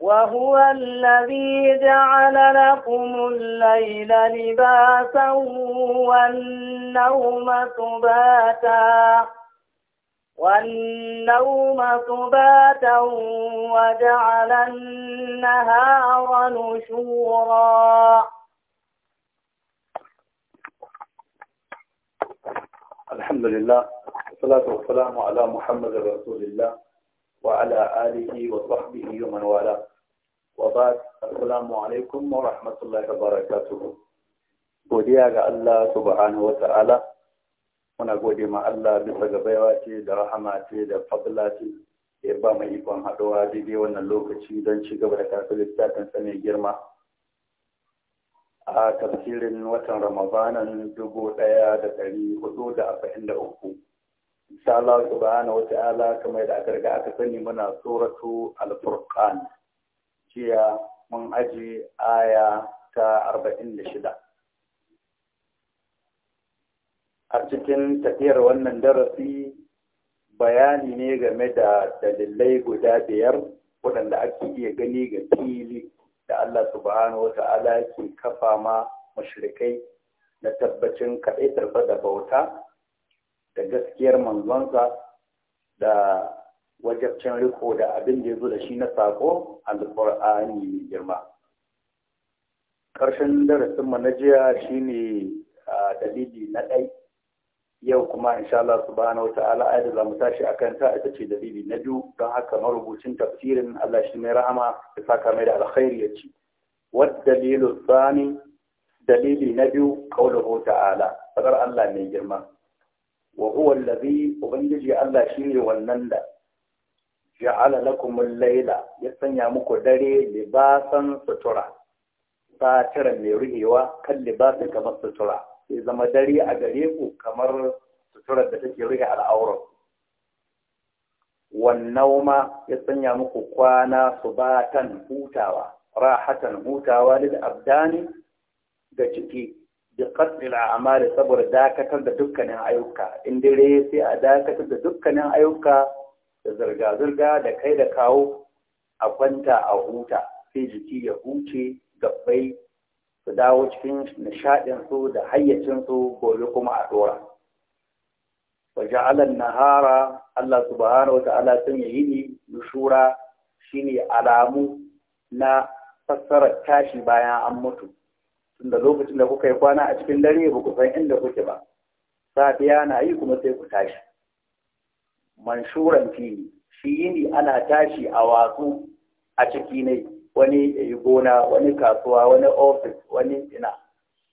وهو الذي جعل لكم الليل لباسا والنوم سباتا والنوم سباتا وجعل النهار نشورا الحمد لله والصلاة والسلام على محمد رسول الله وعلى آله وصحبه ومن والاه وبعد السلام عليكم ورحمة الله وبركاته godiya ga Allah subhanahu muna gode ma Allah bisa ga baiwa ce da rahama ce da fadla ce ya ba mai ikon haɗuwa daidai wannan lokaci don ci gaba da kafin littafin sa mai girma a tafsirin watan ramadanan dubu ɗaya da ɗari hudu da arba'in da uku insha Allah subhanahu wa ta'ala kamar da aka riga aka sani muna suratu al-furqan jiya mun aji aya ta 46 a cikin tafiyar wannan darasi bayani ne game da dalilai guda biyar waɗanda ake iya gani ga fili da Allah subhanahu wa ta'ala ke kafa ma mashirikai) na tabbacin kaɗaitarsa da bauta da gaskiyar manzonsa da wajabcin riko da abin da ya zo da shi na sako alƙur'ani mai girma ƙarshen darasinmu na jiya shine dalili na ɗai yau kuma insha Allah subhanahu wata ayat da zamu tashi akan ta ita ce dalili na biyu don haka marubucin tafsirin Allah shi mai rahama da saka mai da alkhairi ya ci wad dalilu tsani dalili na biyu qauluhu ta'ala Allah mai girma wa huwa allazi ubangiji Allah shine wannan da ja'ala lakum al-laila ya sanya muku dare libasan sutura satira mai ruhewa kan libasin kamar sutura sai zama dare a gare ku kamar suturar da take rihe al'aurar wannan ma ya sanya muku kwana subatan hutawa rahatan hutawa lil abdani ga ciki Jikar qatl saboda dakatar da dukkanin ayyuka in dare sai a dakatar da dukkanin ayyuka da zirga zirga da kai da kawo a kwanta a huta sai jiki ya huce gabbai su dawo cikin nishaɗin su da hayyacin su gobe kuma a dora wa ja'ala nahara Allah subhanahu wa ta'ala sun yayi ni nushura shine alamu na fassarar tashi bayan an mutu tunda lokacin da kuka yi kwana a cikin dare ba ku san inda kuke ba safiya na yi kuma sai ku tashi manshuran fili shi yini ana tashi a watsu a ciki ne wani yi gona wani kasuwa wani ofis wani ina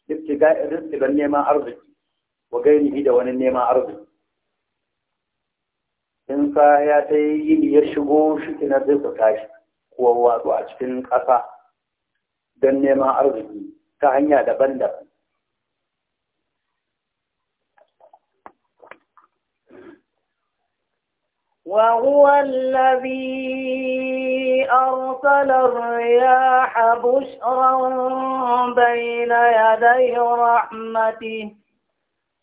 rizki don neman arziki wa ni da wani neman arziki in sa ya ta yi ya shigo shi kina zai ku tashi ko watsu a cikin ƙasa don neman arziki ta hanya daban-daban وهو الذي أرسل الرياح بشرا بين يدي رحمته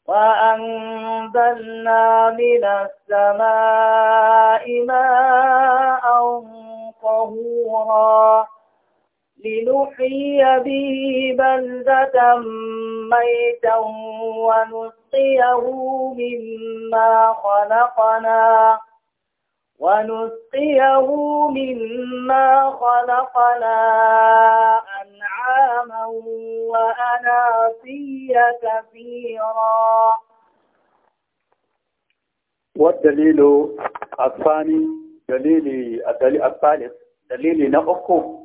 وأنزلنا من السماء ماء طهورا لنحيي به بلدة ميتا ونسقيه مما خلقنا ونسقيه مما خلقنا أنعاما وأناسيا كثيرا والدليل الثاني دليل الثالث دليل نأخذ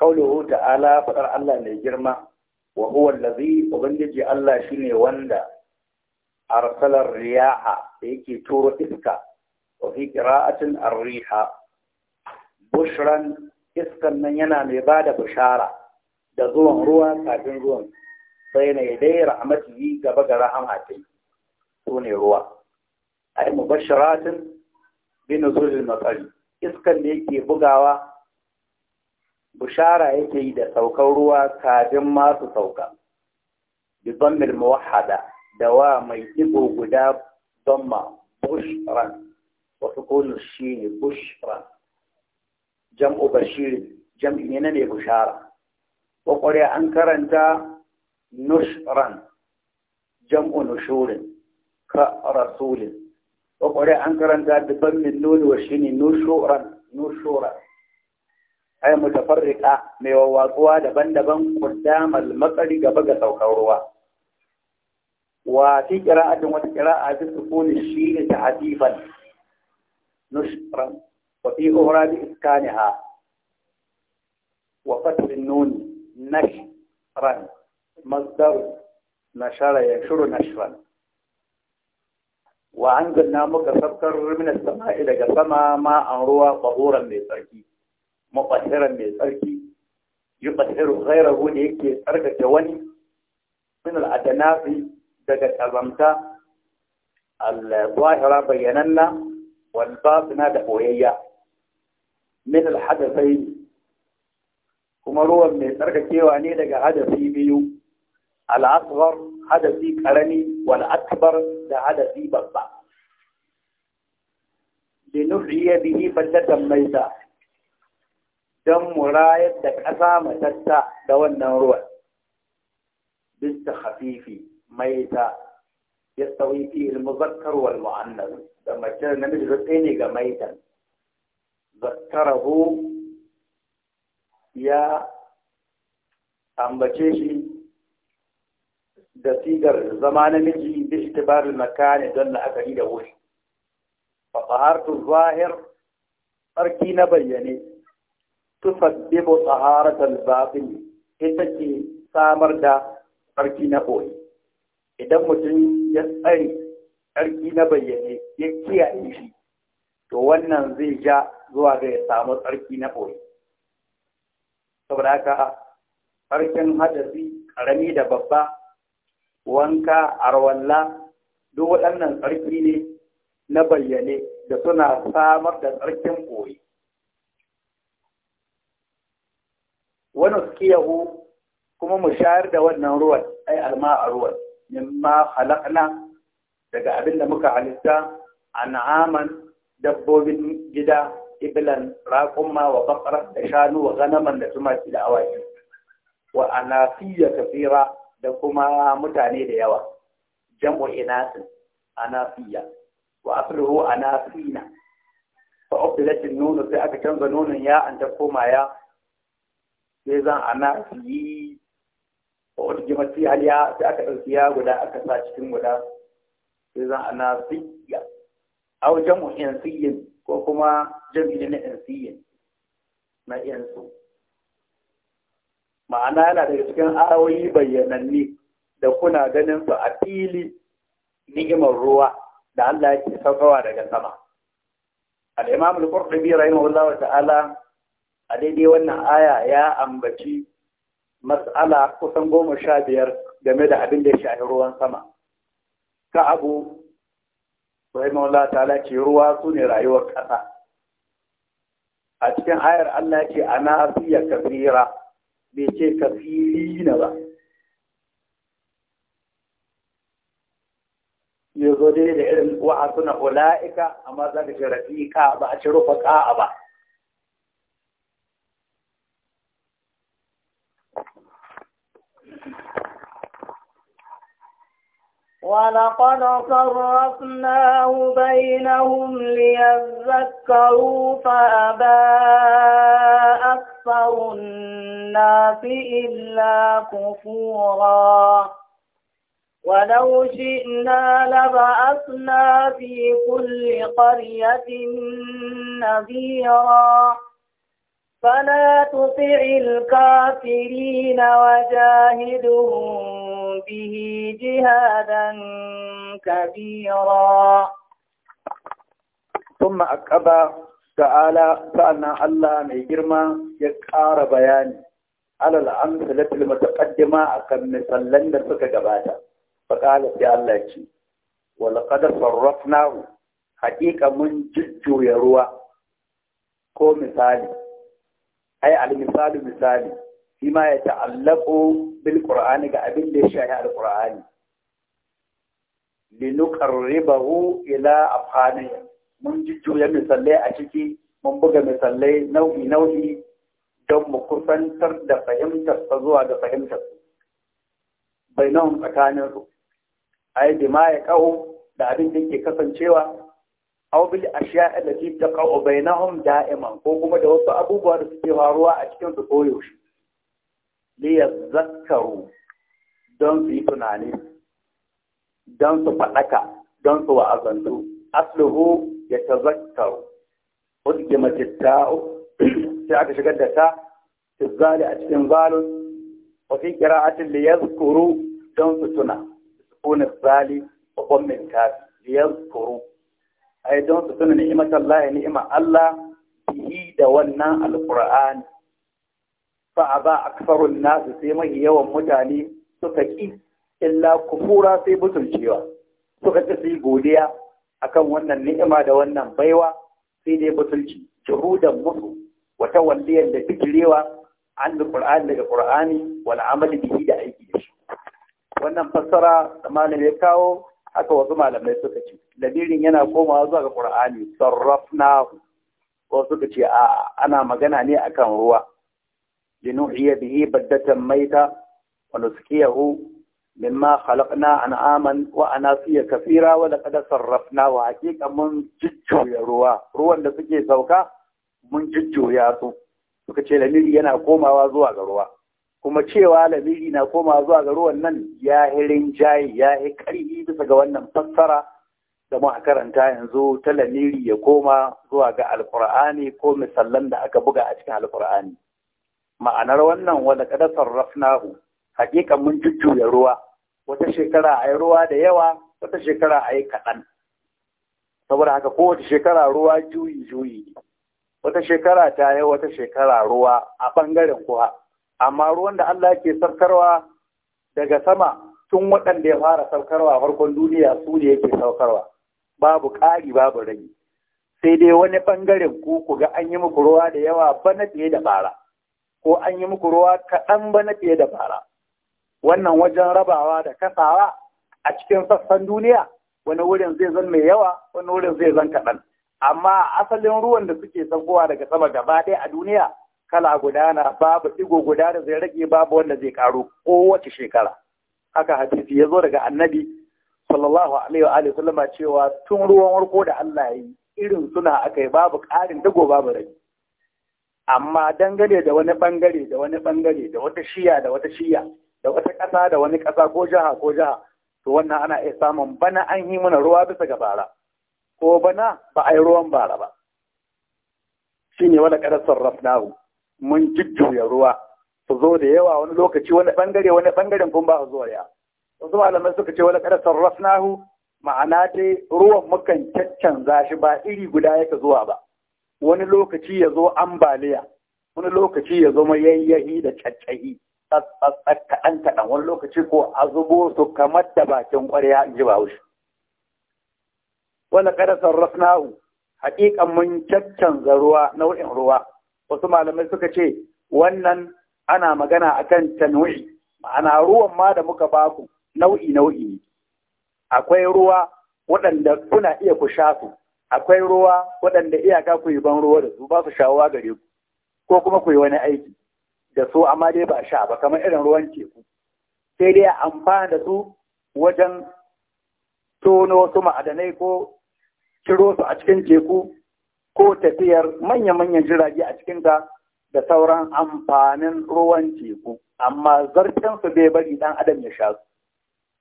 Kauluhu ta'ala faɗar Allah mai girma, wa huwa allazi Ubangiji Allah shine wanda arsalar riyaha da yake turo iska, wa fi ar-riha bushran iskan nan yana mai bada bushara da zuwan ruwa kafin ruwan sai na dai yi gaba ga rahama ta su ne ruwa. Ai, mubashiratin bin zuzul matsari, iskan da yake bugawa bushara yake yi da saukan ruwa kafin masu sauka bi zammil muwahhada da wa mai digo guda zamma bushran wa shi ne bushran jam'u bashir jam'i ne ne bushara ko an karanta nushran jam'u nushurin ka rasulin ko ƙwarya an karanta bi zammil nuni wa ne nushuran nushuran ai mutafarriqa mai wawwatsuwa daban-daban kuddamal maqari gaba ga saukar ruwa wa fi qira'atin wa qira'a bi sukuni shi'i ta'difan nushran wa fi ukhra bi iskaniha wa fath an-nun nashran masdar nashara yanshuru nashran wa anzalna muka sabkar min as-sama'i daga sama ma an ruwa qahuran mai tsarki مطهرا من تركي يطهر غيره ليك ترك جواني من العتناف دقة عظمتا الظاهرة بيننا والباب نادح وهي من الحدثين كما روى من ترك جواني لك حدثي بيو الأصغر حدثي كرني والأكبر ده حدثي بطا لنري به بلدة ميتة dan mu rayar da ƙasa matatta da wannan ruwan. Bista khafifi mai ta ya sauyi fi ilmuzakkar wal mu'annas da mace na miji da ne ga maitan. Zakkarahu ya ambace shi da sigar zama miji bi itibar makani don la'akari da wuri. Fa zahartu zahir sarki na bayyane tusabbibu taharatal batin ita ce samar da tsarki na boye idan mutum ya tsari tsarki na bayyane ya kiyaye shi to wannan zai ja zuwa ga ya samu tsarki na boye saboda haka tsarkin hadasi ƙarami da babba wanka arwalla duk waɗannan tsarki ne na bayyane da suna samar da tsarkin boye Wani wa nusqiyahu kuma mu shayar da wannan ruwan ai alma a ruwan mimma halakna daga abin da muka halitta an'aman dabbobin gida iblan raƙumma, wa baqara da shanu wa ganaman da tumaki da awaki wa anafiya kafira da kuma mutane da yawa jam'u inasin anafiya wa asluhu anafina fa ubilat an-nun sai aka canza nunun ya an ta koma ya sai zan ana yi a wani jimati haliya sai aka ɗauki ya guda aka sa cikin guda sai zan ana siya a wajen mu yansiyin ko kuma jami'i na yansiyin na su ma'ana yana daga cikin ayoyi bayyananni da kuna ganin su a fili ni'imar ruwa da Allah ke saukawa daga sama al-imam al-qurtubi rahimahullahu ta'ala a daidai wannan aya ya ambaci matsala kusan goma sha biyar game da abin da ya shafi ruwan sama ka abu rahimahullah ta ce ruwa su ne rayuwar ƙasa a cikin ayar Allah ce ana fiya kafira bai ce na ba ya dai da irin wa'a suna ula'ika amma za ka ce ba a ci rufa ka'a ba ولقد صرفناه بينهم ليذكروا فأبى أكثر الناس إلا كفورا ولو شئنا لبعثنا في كل قرية نذيرا فلا تطع الكافرين وجاهدهم به جهادا كبيرا ثم أكبا تعالى فأنا الله ميجرما يكار بياني على الأمثلة المتقدمة أكم نسلن لسك جباتا فقال في الله ولقد صرفناه حقيقة من ججو يروى كو مثالي أي على مثال مثالي ma ya ga abin da ya بالقرآن al للشيء القرآن لنقربه ila أفغانه mun jujjuya misallai a ciki mun buga misalai nau'i-nau'i don mu kusantar da ta zuwa da fahimtar bai nan tsakanin su a yi ma ya kawo da abin da ke kasancewa aw bil ashiya allati taqa'u bainahum da'iman ko kuma da wasu abubuwa da suke faruwa a cikin su koyaushe liyazakkaru don su yi tunani don su faɗaka don su wa'azantu asluhu ya ta Zakaru. wadda mace ta sai aka shigar da ta zali a cikin zalun wafi kira'atin Kuru don su tuna kuna zali a kwammin ta a yi don su tuna ni'imatar laye ni'ima. Allah yi da wannan alkur'ani fa aba aksarun nasu sai mai yawan mutane suka ki illa kufura sai butulcewa suka ci su godiya akan wannan ni'ima da wannan baiwa sai dai butulci juhudan musu wata walliyar da fikirewa an da ƙur'ani daga qur'ani wani amali yi da aiki da shi wannan fassara da ya kawo haka wasu malamai suka ce lamirin yana komawa zuwa ga qur'ani sarrafnahu wasu suka ce a ana magana ne akan ruwa لنحيي به بدة ميتة ونسقيه مما خلقنا أنعاما وأناسيا كثيرا ولقد صرفنا وحقيقة من ججو يا روا روا da suke sauka mun jujjuya su suka ce lamiri yana komawa zuwa ga ruwa kuma cewa lamiri na komawa zuwa ga ruwan nan ya hirin jayi ya hi karhi bisa ga wannan fassara da mu karanta yanzu ta lamiri ya koma zuwa ga alkur'ani ko misallan da aka buga a cikin alkur'ani ma'anar wannan wanda kada sarrafnahu hakika mun jujjuya ruwa wata shekara a yi ruwa da yawa wata shekara a yi kaɗan saboda haka kowace shekara ruwa juyi juyi wata shekara ta yi wata shekara ruwa a ɓangaren kuwa amma ruwan da Allah ke sarkarwa daga sama tun waɗanda ya fara saukarwa farkon duniya su ne yake saukarwa babu ƙari babu rage sai dai wani ɓangaren ku ku ga an yi muku ruwa da yawa bana fiye da bara ko an yi muku ruwa kaɗan ba na fiye da bara wannan wajen rabawa da kasawa a cikin sassan duniya wani wurin zai zan mai yawa wani wurin zai zan kaɗan amma asalin ruwan da suke saukowa daga sama gaba ɗaya a duniya kala guda na babu ɗigo guda da zai rage babu wanda zai ƙaru kowace shekara haka hadisi ya zo daga annabi sallallahu alaihi wa alihi sallama cewa tun ruwan warko da Allah ya yi irin suna aka yi babu ƙarin dago babu rage amma dangane da wani bangare da wani bangare da wata shiya da wata shiya da wata ƙasa da wani ƙasa ko jiha ko jiha to wannan ana iya samun bana an yi mana ruwa bisa ga bara ko bana ba a yi ruwan bara ba Shi ne wani ƙarar sarrafnahu mun jujjuya ruwa su zo da yawa wani lokaci wani bangare wani bangaren kun ba su zuwa ya wasu malamai suka ce wani ƙarar sarrafnahu ma'ana dai ruwan mukan caccanza shi ba iri guda yake zuwa ba wani lokaci ya zo ambaliya wani lokaci ya zo mayayyahi da caccahi kaɗan kaɗan wani lokaci ko a zubo su kamar da bakin ƙwarya in ji bahaushe wanda kada sarrafnahu haƙiƙan mun caccanza ruwa nau'in ruwa wasu malamai suka ce wannan ana magana a akan tanwi ma'ana ruwan ma da muka baku nau'i nau'i akwai ruwa waɗanda kuna iya ku sha su akwai ruwa waɗanda iyaka ku yi ban ruwa da su ba su shawuwa gare ku ko kuma ku yi wani aiki da su amma dai ba a sha ba kamar irin ruwan teku sai dai a amfana da su wajen tono su ma'adanai ko ciro su a cikin teku ko tafiyar manya-manyan jirage a cikin ka da sauran amfanin ruwan teku amma zarfin bai bari dan adam ya sha su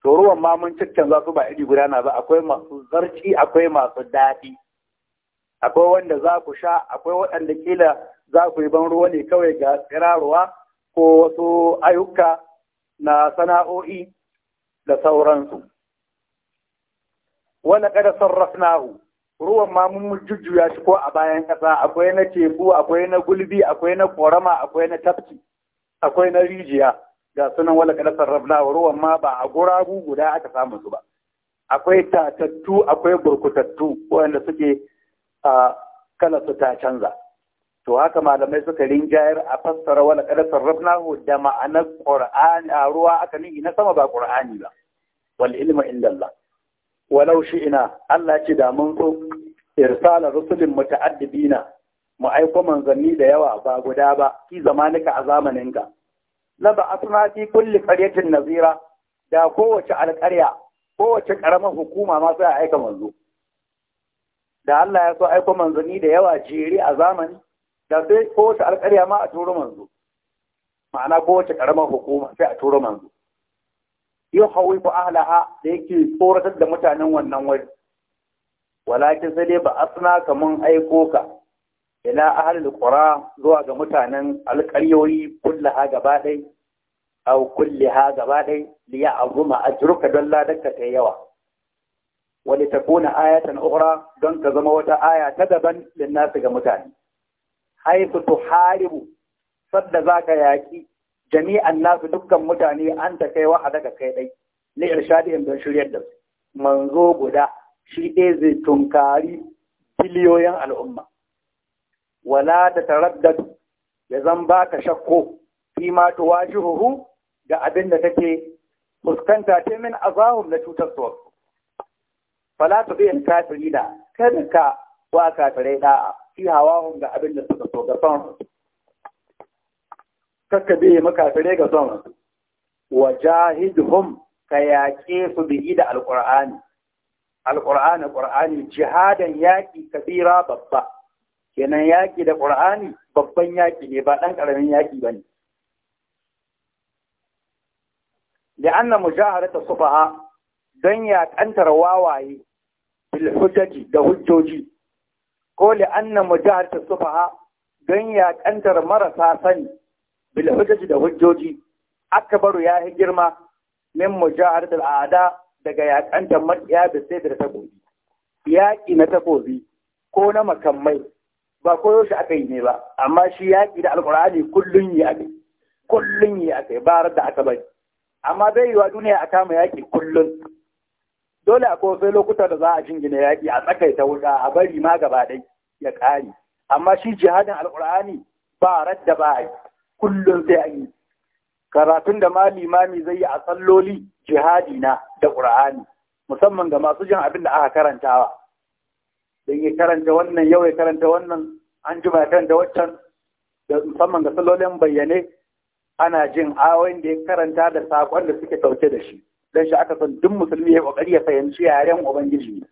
to ruwan ma mun caccanza su ba iri guda na ba akwai masu zarci akwai masu daɗi akwai wanda za ku sha akwai waɗanda kila za ku yi ban ruwa ne kawai ga tsirarwa ko wasu ayyuka na sana'o'i da sauransu wanda kada sarrafnahu ruwan ma mun jujjuya shi ko a bayan ƙasa akwai na teku akwai na gulbi akwai na korama akwai na tafki akwai na rijiya ga sunan wala kada sarrafna wa ruwan ma ba a guragu guda aka samu su ba akwai tatattu akwai burkutattu wanda suke a kala su ta canza to haka malamai suka rinjayar a fassara wala kada sarrafna da ma'anar qur'ani a ruwa aka nihi na sama ba qur'ani ba wal ilmu indallah walau ina Allah ce da mun so irsala rusulin muta'addibina mu aiko manzanni da yawa ba guda ba fi zamanika a zamaninka Na ba suna fi kulli qaryatin nazira da kowace alƙarya kowace ƙaramar hukuma ma sai a aika manzo da Allah ya so aiko manzanni da yawa jere a zamani da sai kowace alƙarya ma a turo manzo ma'ana kowace ƙaramar hukuma sai a turo manzo yau hawai ku ahlaha da yake tsoratar da mutanen wannan wuri walakin sai dai ba asna kaman aiko ka ila ahlul qura zuwa ga mutanen alƙaryoyi ha gaba dai aw ha gaba dai li ya'zuma ajruka don ladanka ta yawa wa li takuna ayatan ukhra don ka zama wata aya ta daban lin nasu ga mutane haythu tuharibu sadda zaka yaki jami'an nasu dukkan mutane an ta kai wahadaka kai dai li irshadihim don shiryar da su manzo guda shi ɗaya zai tunkari biliyoyin al'umma wala da taraddadu ya zan ba ka shakko fi ma huhu ga abin da take fuskanta ta min azahum na cutar su fala tu bi kafirina kada ka wa kafirai da'a fi hawahum ga abin da suka so ga son kakka bi makafirai ga son wajahidhum ka yaƙe su bi da alqur'ani alqur'ani qur'ani jihadan yaqi kabira babba kenan yaƙi da ƙur'ani babban yaƙi ne ba ɗan ƙaramin yaƙi ba ne da anna mujaharata sufaha don yaƙantar wawaye bil da hujjoji ko li anna mujaharata sufaha don yaƙantar marasa sani bil da hujjoji akbaru ya yi girma min da al'ada daga yaƙantar maƙiya da sai da takobi yaƙi na takobi ko na makamai ba koyo shi aka yi ne ba amma shi yaƙi da alƙur'ani kullun yi aka kullun yi aka ba da aka bari amma bai yiwa duniya a kama yaƙi kullun dole a kofe lokuta da za a jingina yaƙi a tsakaita wuta a bari ma gaba ɗai ya ƙare amma shi jihadin alƙur'ani ba radda ba yi kullun sai an yi karatun da ma limami zai yi a tsalloli jihadi na da ƙur'ani musamman ga masu jin abin da aka karantawa don ya karanta wannan yau ya karanta wannan an ji ya karanta waccan da musamman ga salolin bayyane ana jin ayoyin da ya karanta da saƙon da suke ɗauke da shi don shi aka san duk musulmi ya ƙoƙari ya fahimci yaren ubangiji ne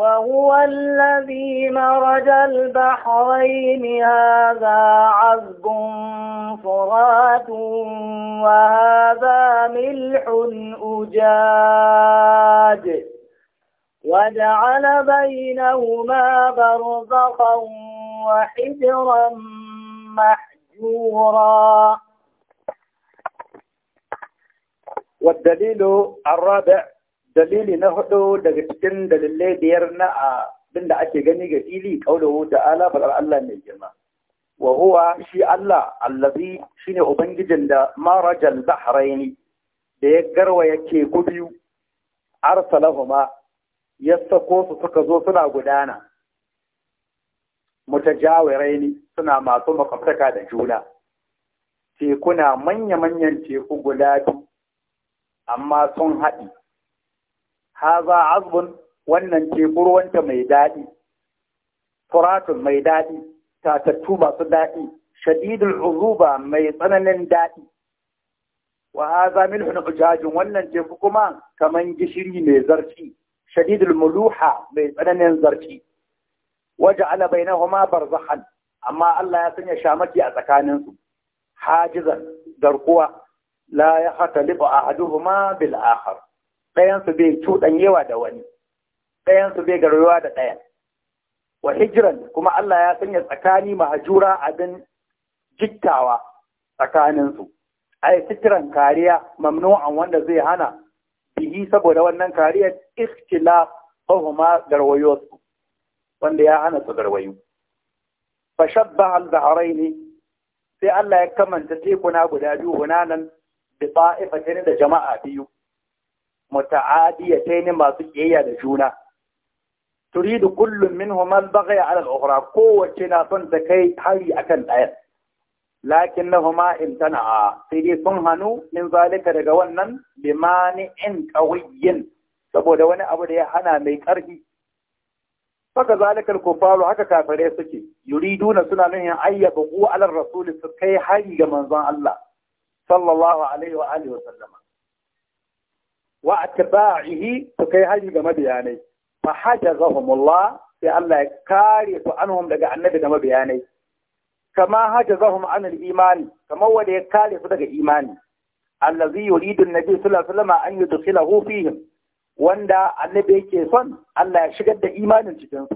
وهو الذي مرج البحرين هذا عذب فرات وهذا ملح أجاج وجعل بينهما برزقا وحجرا محجورا والدليل الرابع dalili na hudu daga cikin dalilai biyar na din da ake gani ga fili kaulahu ta'ala faɗar Allah mai girma Wahuwa shi Allah allazi shine ubangijin da marajal bahraini da ya garwa yake ku biyu arsalahuma ya sako su suka zo suna gudana mutajawiraini suna masu makwabtaka da juna Teku na manya-manyan teku guda biyu amma sun haɗi haza azbun wannan tebur mai daɗi furatun mai daɗi tatattu masu daɗi shadidul uzuba mai tsananin daɗi wa haza milhun ujajin wannan teku kuma kaman gishiri mai zarci shadidul muluha mai tsananin zarci waje ala bainahuma barzahan amma Allah ya sanya shamaki a tsakaninsu hajizan garkuwa la ya hata liba ahaduhuma bil akhar ɗayansu bai yawa da wani ɗayansu bai garwewa da ɗaya. wa hijiran kuma Allah ya sanya tsakani mahajura abin jittawa tsakaninsu ai sitiran kariya mamnu'an wanda zai hana bihi saboda wannan kariyar iskila fahuma garwayo su wanda ya hana su garwayo fa al ne. sai Allah ya kamanta tekuna guda biyu hunanan bi ta'ifatin da jama'a biyu ni masu kiyaya da juna turidu kullum min al-baghy ala al kowace na son ta kai hari akan ɗaya lakin nahuma imtana'a sai dai sun hannu, min zalika daga wannan in qawiyyin saboda wani abu da ya hana mai ƙarfi Faka zalikar kufaru haka kafare suke, na suna yin ayyaba ku alar rasuli su kai hari ga manzon Allah, sallallahu alaihi wa alihi wa sallama. واتباعه فكي هل يجب مبياني فحجزهم الله بأن لا يكاريك عنهم لقى النبي دم بياني كما حجزهم عن الإيمان كما هو يكاريك لقى إيمان الذي يريد النبي صلى الله عليه وسلم أن يدخله فيهم وندا النبي كيسون ألا يشجد إيمان الجدن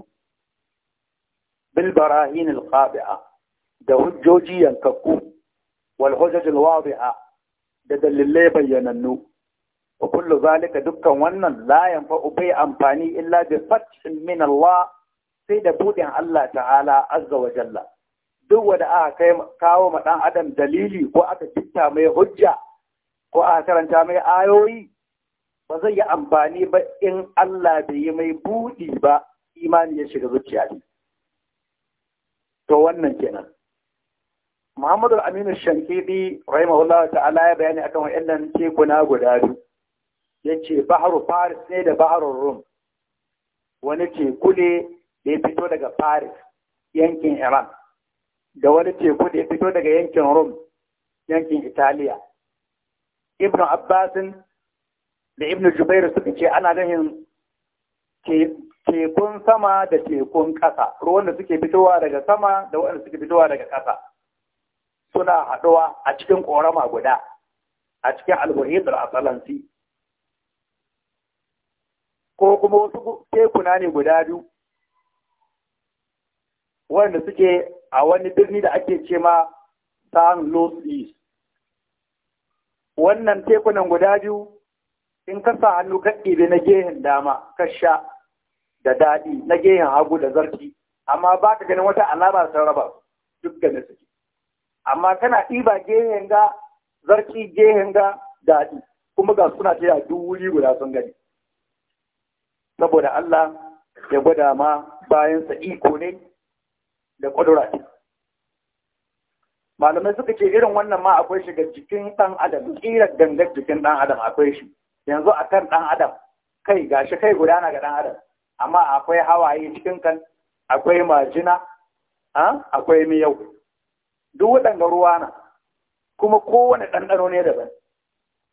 بالبراهين القابعة ده الجوجيا الككو والهجج الواضحة ده اللي بيننه wa kullu zalika dukkan wannan la yanfa'u bai amfani illa bi fatin min Allah sai da budin Allah ta'ala azza wa jalla duk wanda aka kai kawo ma dan adam dalili ko aka kitta mai hujja ko aka karanta mai ayoyi ba zai yi amfani ba in Allah bai yi mai budi ba imani ya shiga zuciya ne to wannan kenan Muhammadu Aminu Shankidi rahimahullah ta'ala ya bayani akan wa'annan tekuna guda biyu ya ce baharu Paris ne da baharun Rum, wani teku ne da ya fito daga Paris yankin Iran, da wani teku da ya fito daga yankin Rum yankin Italiya. Ibn Abbasin da Ibn Jubairu suka ce ana ganin tekun sama da tekun ƙasa, ruwan da suke fitowa daga sama da waɗanda suke fitowa daga ƙasa. Suna haɗuwa a cikin ƙorama guda, a cikin a salansi. ko kuma wasu tekuna ne guda biyu wanda suke a wani birni da ake ce ma San Los East. Wannan tekunan guda biyu in ka sa hannu ka ɗibe na gehen dama ka sha da daɗi na gehen hagu da zarfi amma ba ka ganin wata alama sun raba duk da suke. Amma kana ɗiba gehen ga zarfi gehen ga daɗi kuma ga suna ta duk wuri guda sun gani. saboda Allah ya gwada ma bayansa iko ne da ƙudura malamai suka ce irin wannan ma akwai shi ga jikin ɗan adam ƙirar gangar jikin ɗan adam akwai shi yanzu a kan ɗan adam kai gashi kai gudana ga ɗan adam amma akwai hawaye cikin kan akwai majina akwai miyau duk waɗanda ruwa na kuma kowane ɗanɗano ne daban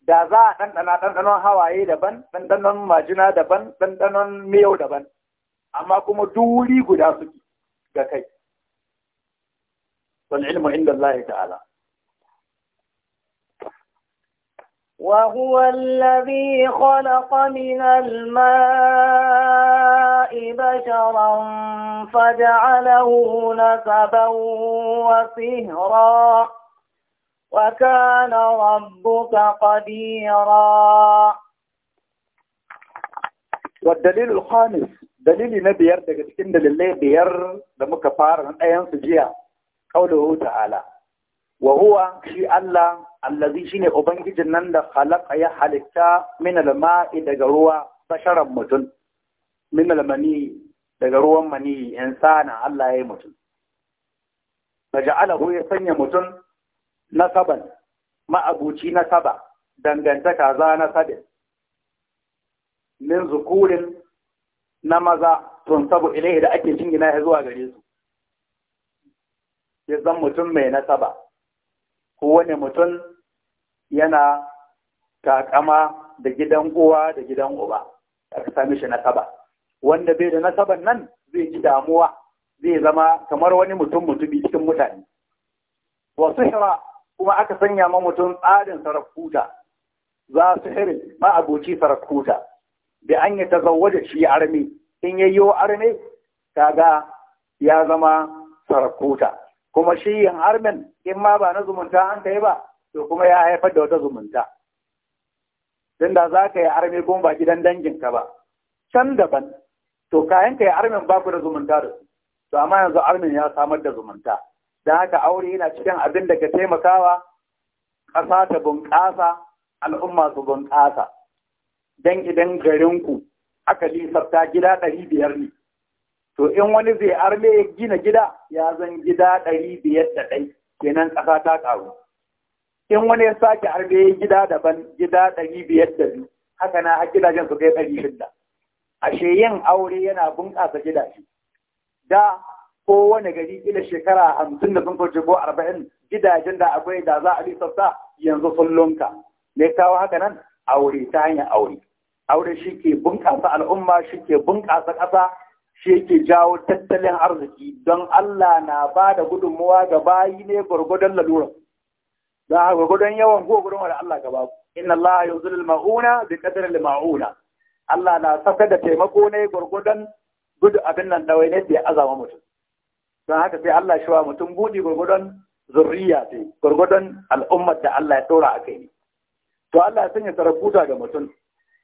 da za a ɗanɗana ɗanɗanon hawaye daban ɗanɗanon majina daban ɗanɗanon miyau daban amma kuma duri guda suke ga kai wal ilmu inda Allah ta'ala وهو الذي خلق من الماء بشرا فجعله نسبا وصهرا وكان ربك قديرا والدليل الخامس دليل نبي يردك تكن لله بير لمك من أيام سجية قوله تعالى وهو شيء الله الذي شيني أبنك جنن دا خلق يا حلقتا من الماء دقروا بشرا مجن من المني دقروا مني إنسانا الله يمتن فجعله يسني متن nasaban ma'abuci nasaba dangantaka za nasabin min zukurin na maza tun sabu ilai da ake jingina ya zuwa gare su ya zan mutum mai nasaba ko wani mutum yana kakama da gidan uwa da gidan uba aka sami shi nasaba wanda bai da nasaban nan zai ji damuwa zai zama kamar wani mutum mutumi cikin mutane wasu hira kuma aka sanya ma mutum tsarin sarakuta za su hirin ma aboki sarakuta da an yi da shi armi in ya yi armi kaga ya zama sarakuta kuma shi yin armin in ma ba na zumunta an kai ba to kuma ya haifar da wata zumunta tun da za ka yi armi kuma ba gidan danginka ba can daban to kayan ka yi armin ba ku da zumunta da su to amma yanzu armin ya samar da zumunta da haka aure yana cikin abin da ka taimakawa ƙasa ta bunƙasa al'umma su bunƙasa don idan garinku aka lissafta gida ɗari biyar ne to in wani zai arme ya gina gida ya zan gida ɗari biyar da ɗai kenan ƙasa ta ƙaru in wani ya sake arme ya gida daban gida ɗari biyar da biyu haka na a gidajen su kai ɗari shida ashe yin aure yana bunƙasa gidaje da kowane gari ila shekara hamsin da sun kauce ko arba'in gidajen da akwai da za a lissafta yanzu sun lunka me kawo haka nan aure ta hanyar aure aure shi ke bunƙasa al'umma shi ke bunƙasa ƙasa shi ke jawo tattalin arziki don Allah na ba da gudunmuwa ga bayi ne gwargwadon lalura don haka gwargwadon yawan ko gudunmuwa da Allah gaba inna Allah ya zuri ma'una bi kadar ma'una Allah na saka da taimako ne gwargwadon gudu abin nan dawai ne da ya azama mutum don haka sai Allah shi wa mutum buɗi gwargwadon zurriya ce gwargwadon al'ummar da Allah ya ɗora a kai to Allah ya sanya sarakuta ga mutum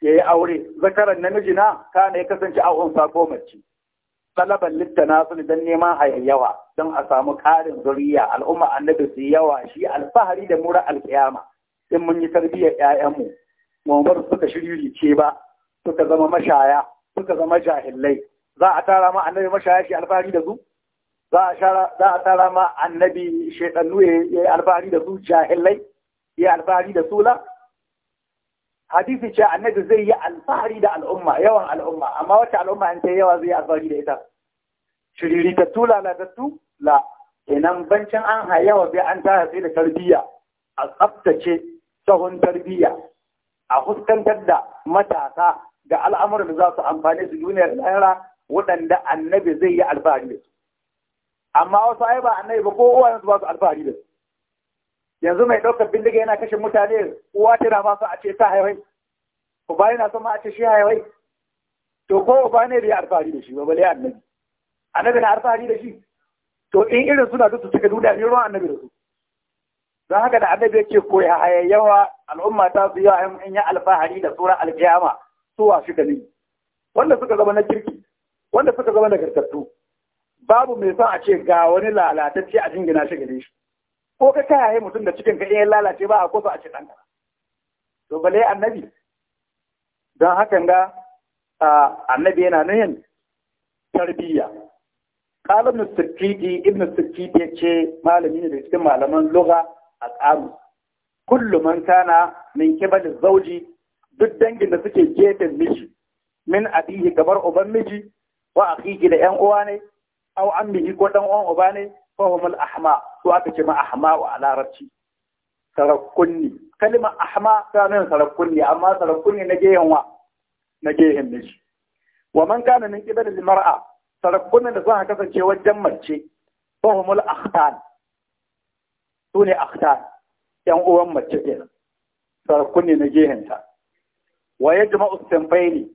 ya yi aure zakaran namiji na kana ya kasance a unsa ko mace talaban littana sun don neman hayayyawa don a samu ƙarin zuriya al'umma annabi su yawa shi alfahari da mura alƙiyama in mun yi tarbiyyar ƴaƴanmu mu suka ce ba suka zama mashaya suka zama jahillai za a tara mu annabi mashaya shi alfahari da su za a tara ma annabi shaidannu ya yi alfahari da su jahilai ya yi alfahari da sula hadisi ce annabi zai yi alfahari da al'umma yawan al'umma amma wacce al'umma in ta yawa zai yi alfahari da ita shiriritattu lalatattu la kenan bancin an hayawa sai an tara sai da tarbiyya a tsaftace sahun tarbiyya a fuskantar da matasa ga al'amuran da za su amfani su duniyar lahira waɗanda annabi zai yi alfahari da su amma wasu ai ba annabi ba ko uwayen su ba su alfahari da yanzu mai ɗaukar bindiga yana kashe mutane uwa tana masu a ce ta haihai uba yana son ma a ce shi haihai to ko uba ne ya alfahari da shi ba bale annabi annabi na alfahari da shi to in irin suna duk su cika duniya ne ruwan annabi da su don haka da annabi yake ko hayayyawa al'umma ta su yawa in ya alfahari da tsoron alkiyama su wa shi dalili wanda suka zama na kirki wanda suka zama na nagartattu babu mai son a ce ga wani lalatacce a jingina shi gare shi ko ka kayaye mutum da cikin ka iya eh lalace ba a kofa a ce ɗanka to bale annabi don hakan ga annabi yana nuhin tarbiyya قال ابن السكيتي ce, malami ne da cikin malaman مالمان a الأرض كل من كان من قبل zauji. duk dangin da suke gefen miji min abihi gabar uban miji wa akhihi da yan uwa ne aw ammihi ko dan uwan uba ne fa humul ahma to aka ce ma ahma wa a larabci sarakunni kalma ahma ta nan sarakunni amma sarakunni na gehen wa na gehen miji wa man kana min qibal al mar'a sarakunni da zaka kasance wajen mace fa al akhtan su ne akhtan yan uwan mace kenan sarakunni na gehen ta wa yajma'u tambayni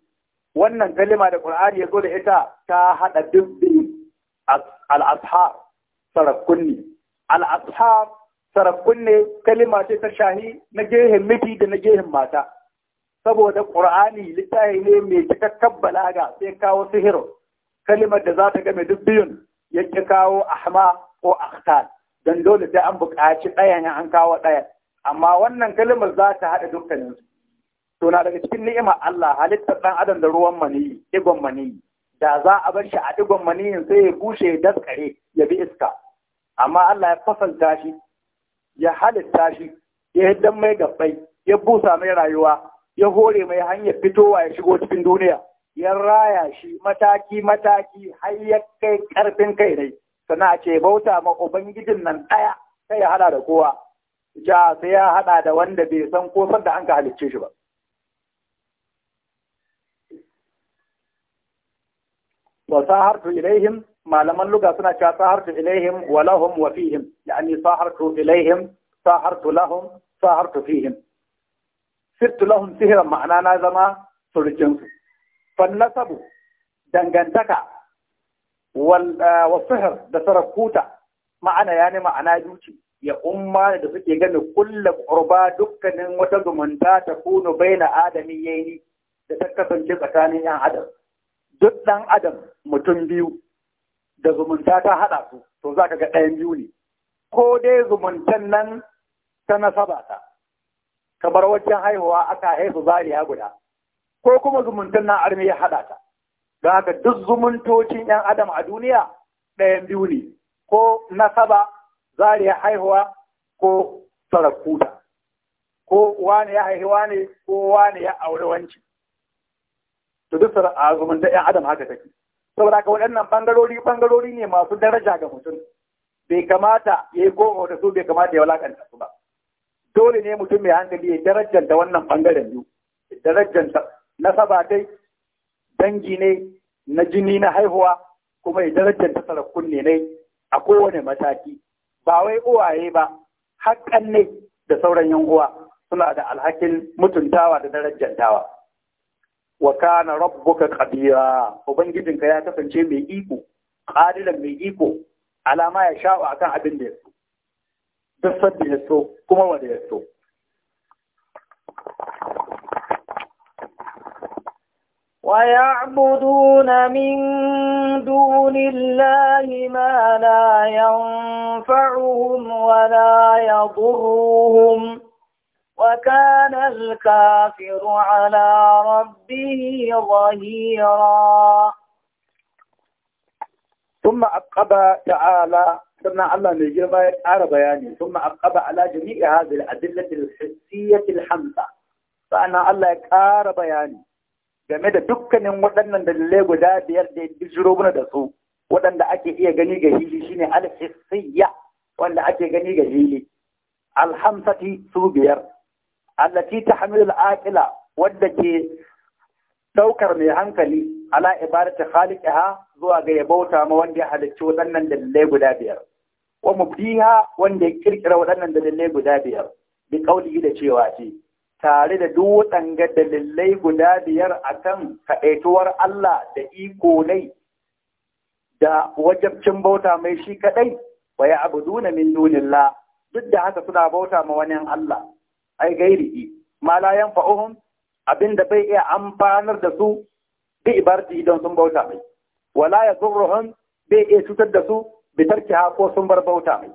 wannan kalima da qur'ani ya zo da ita ta hada dubbi al'ashar sarakun ne sarakun ne kalima ce ta shahi na gehen miji da na gehen mata saboda ƙur'ani littafi ne mai cikakken ga sai kawo sihirin kalimar da za ta game duk biyun ya ki kawo ahma ko akhtar don dole sai an buƙaci ɗayan an kawo ɗaya amma wannan kalimar za ta haɗa dukkaninsu to na daga cikin ni'imar Allah halittar ɗan adam da ruwan maniyi igon maniyi da za a bar shi a digon maniyin sai ya bushe ya daskare ya bi iska amma Allah ya fasalta shi ya halitta shi ya hiddan mai gabbai ya busa mai rayuwa ya hore mai hanyar fitowa ya shigo cikin duniya ya raya shi mataki mataki har ya kai karfin kai ne. sana ce bauta ma ubangijin nan ɗaya, sai ya hada da kowa ja sai ya haɗa da wanda bai san ko da an ka halicce shi ba wa sahartu malaman luga suna cewa sahartu ilaihim wa lahum wa fihim sahartu ilaihim sahartu lahum sahartu fihim sirtu lahum sihiran ma'ana na zama surukinsu fannasabu dangantaka wal eh, sihir da sarakuta ma'ana yani ma'ana zuci ya umma da suke gani kulle qurba dukkanin wata zumunta ta kuno baina adami yayi da ta kasance tsakanin yan adam duk ɗan adam mutum biyu da zumunta ta haɗa su to za ka ga ɗayan biyu ne ko dai zumuntan nan ta nasaba ta kamar waccan haihuwa aka haihu zariya guda ko kuma zumuntan nan armi ya haɗa ta ga haka duk zumuntocin ‘yan adam a duniya ɗayan biyu ne ko nasaba zariya haihuwa ko sarakuta ko wane ya haihuwa ne ko wane ya aure wancin? to duk a da yan adam haka take saboda haka waɗannan bangarori bangarori ne masu daraja ga mutum bai kamata ya yi goma da su bai kamata ya walakanta su ba dole ne mutum mai hankali ya darajanta wannan bangaren biyu darajanta nasaba dai dangi ne na jini na haihuwa kuma ya darajanta sarakun ne ne a kowane mataki ba wai uwaye ba haƙƙan ne da sauran yan uwa suna da alhakin mutuntawa da darajantawa وكان ربك قديرا وبنجدن كيا كفنشي ميئيكو قادلا ميئيكو على ما يشاء أكان عبن ديسو دفت ديسو كما وديسو ويعبدون من دون الله ما لا ينفعهم ولا يضرهم وكان الكافر على ربه ظهيرا ثم أقب تعالى سمع الله من جرمى على بياني ثم أقب على جميع هذه الأدلة الحسية الخمسة فأنا الله يقار بياني game da dukkanin waɗannan dalilai guda biyar da bijiro mana da su waɗanda ake iya gani ga hili shine al-hissiyya wanda ake gani ga hili alhamsati su biyar allati tahmilu al-aqila wadda ke daukar mai hankali ala ibadati khaliqiha zuwa ga ya bauta ma wanda ya halicci waɗannan dalilai guda biyar wa mubdiha wanda ya kirkira waɗannan dalilai guda biyar bi qaulihi da cewa ce tare da duk waɗanga dalilai guda biyar akan kaɗaituwar Allah da iko nai da wajabcin bauta mai shi kaɗai wa ya abuduna min dunillah duk da haka suna bauta ma wani Allah ai gairihi ma la yanfa'uhum abinda bai iya amfanar da su bi ibarti don sun bauta mai wala bai iya cutar da su bi tarki ko sun bar bauta mai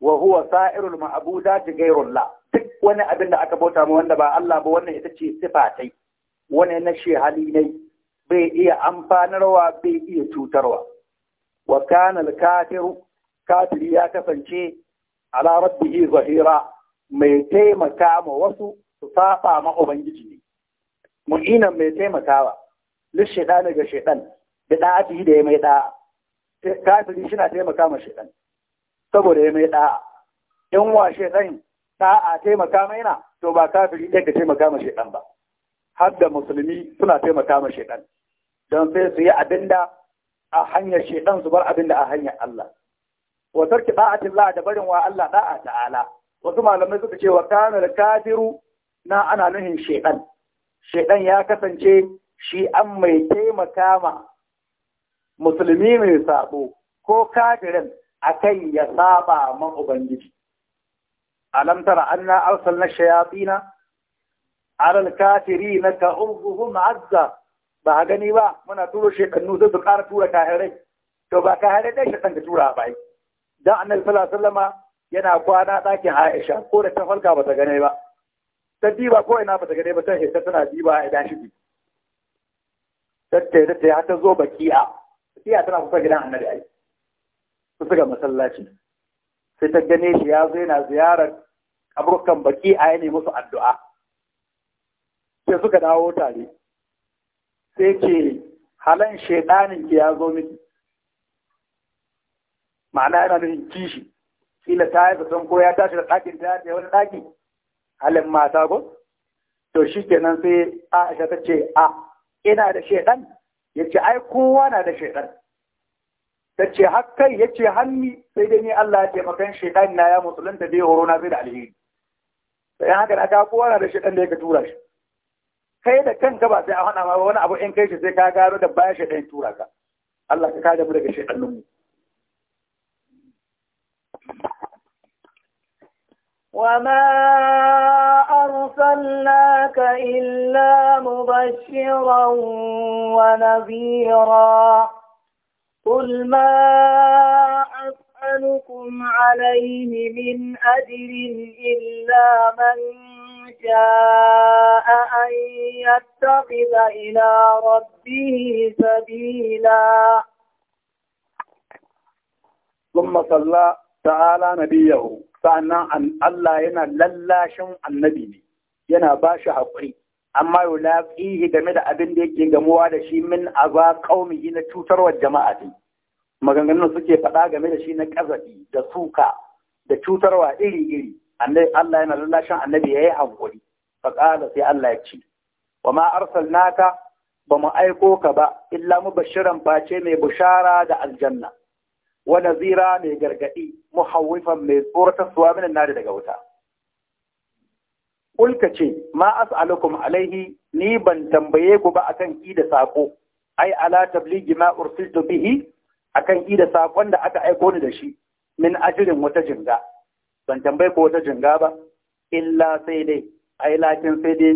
wa huwa sa'irul ma'budati ghayrullah duk wani abin da aka bauta mai wanda ba Allah ba wannan ita ce sifatai wani na shi hali ne bai iya amfanarwa bai iya cutarwa wa kana al-kafiru kafiri ya kasance ala rabbihi zahira mai taimaka ma wasu su saba ma ubangiji ne mu'inan mai taimakawa lis shaytan ga shaytan da da'ati da ya mai da'a kafiri shi na taimaka ma shaytan saboda ya mai ɗa'a, in wa shaytan da'a taimaka mai na to ba kafiri ɗaya ka taimaka ma shaytan ba har da musulmi suna taimaka ma shaytan don sai su yi abinda a hanyar shaidan su bar abin da a hanyar Allah. Wa tarki da'atin Allah da barin wa Allah da'a ta'ala wasu malamai suka ce wa kanar kafiru na ana nuhin shaidan shaidan ya kasance shi an mai taimaka ma musulmi mai sabo ko kafirin akan ya saba ma ubangiji alam tara anna arsalna shayatina ala alkafirina ka buhu azza ba gani ba muna turo shekannu sai su ƙara tura kahirai to ba kahirai dai shekan ka tura ba. dan annabi sallallahu alaihi wasallama yana kwana ɗakin Aisha ko da ta farka ba ta gane ba ta diba ko ina ba ta gane ba ta hita tana diba a idan shi ta ta ta ta zo bakiya bakiya tana kusa gidan annabi ai kusa ga masallaci sai ta gane shi ya zo yana ziyarar kaburkan bakiya ya ne su addu'a sai suka dawo tare sai ce halan shaidanin ki ya zo miki ma'ana yana nufin kishi kila ta yi zaton ko ya tashi da ɗakin ta ya wani ɗaki halin mata ko to shi kenan sai Aisha ta ce a ina da shaidan ya ce ai kowa na da shaidan ta ce har kai ya ce hanni sai dai ni Allah ya taimakan shaidan na ya musulunta bai horo na zai da alheri sai haka na ka kowa na da shaidan da ya ka tura shi kai da kanka ba sai a hana ma wani abu in kai shi sai ka gano da baya shaidan tura ka Allah ka kada mu daga shaidan mu وما أرسلناك إلا مبشرا ونذيرا قل ما أسألكم عليه من أجر إلا من شاء أن يتخذ إلى ربه سبيلا ثم صلى تعالى نبيه sa'annan Allah yana lallashin annabi ne yana ba shi haƙuri amma yulaqihi game da abin da yake gamuwa da shi min ba qaumihi na cutarwar jama'a din maganganun suke faɗa game da shi na ƙazafi da suka da cutarwa iri-iri Allah yana lallashin annabi yayi haƙuri faƙala sai Allah ya ci wa ma naka ba mu aiko ka ba illa mu bashiran face mai bushara da aljanna wa zira mai gargaɗi, muhawifan mai tsoratar suwa minan nari daga wuta Kulka ce, ma alaikum alaihi ni ban tambaye ku ba akan ki da saƙo. ai ala tabligi ma ursiltu bihi akan ki da saƙon da aka aiko ni da shi min ajirin wata jinga. Ban tambaye ku wata jinga ba, illa sai dai, ai lakin sai dai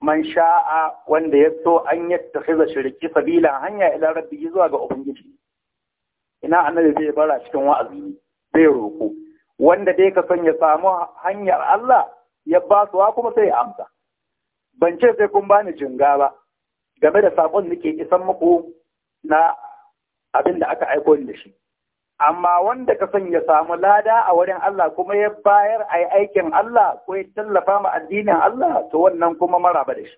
man sha'a wanda ya so an da shirki sabila hanya ila rabbi zuwa ga ubangiji. ina annabi zai bara cikin wa'azi zai roko wanda dai ka son ya samu hanyar Allah ya ba su wa kuma sai ya amsa ban ce sai kun bani jinga ba game da sakon da ke isan muku na abin da aka aiko da shi amma wanda ka son ya samu lada a wurin Allah kuma ya bayar a aikin Allah ko ya tallafa ma addinin Allah to wannan kuma maraba da shi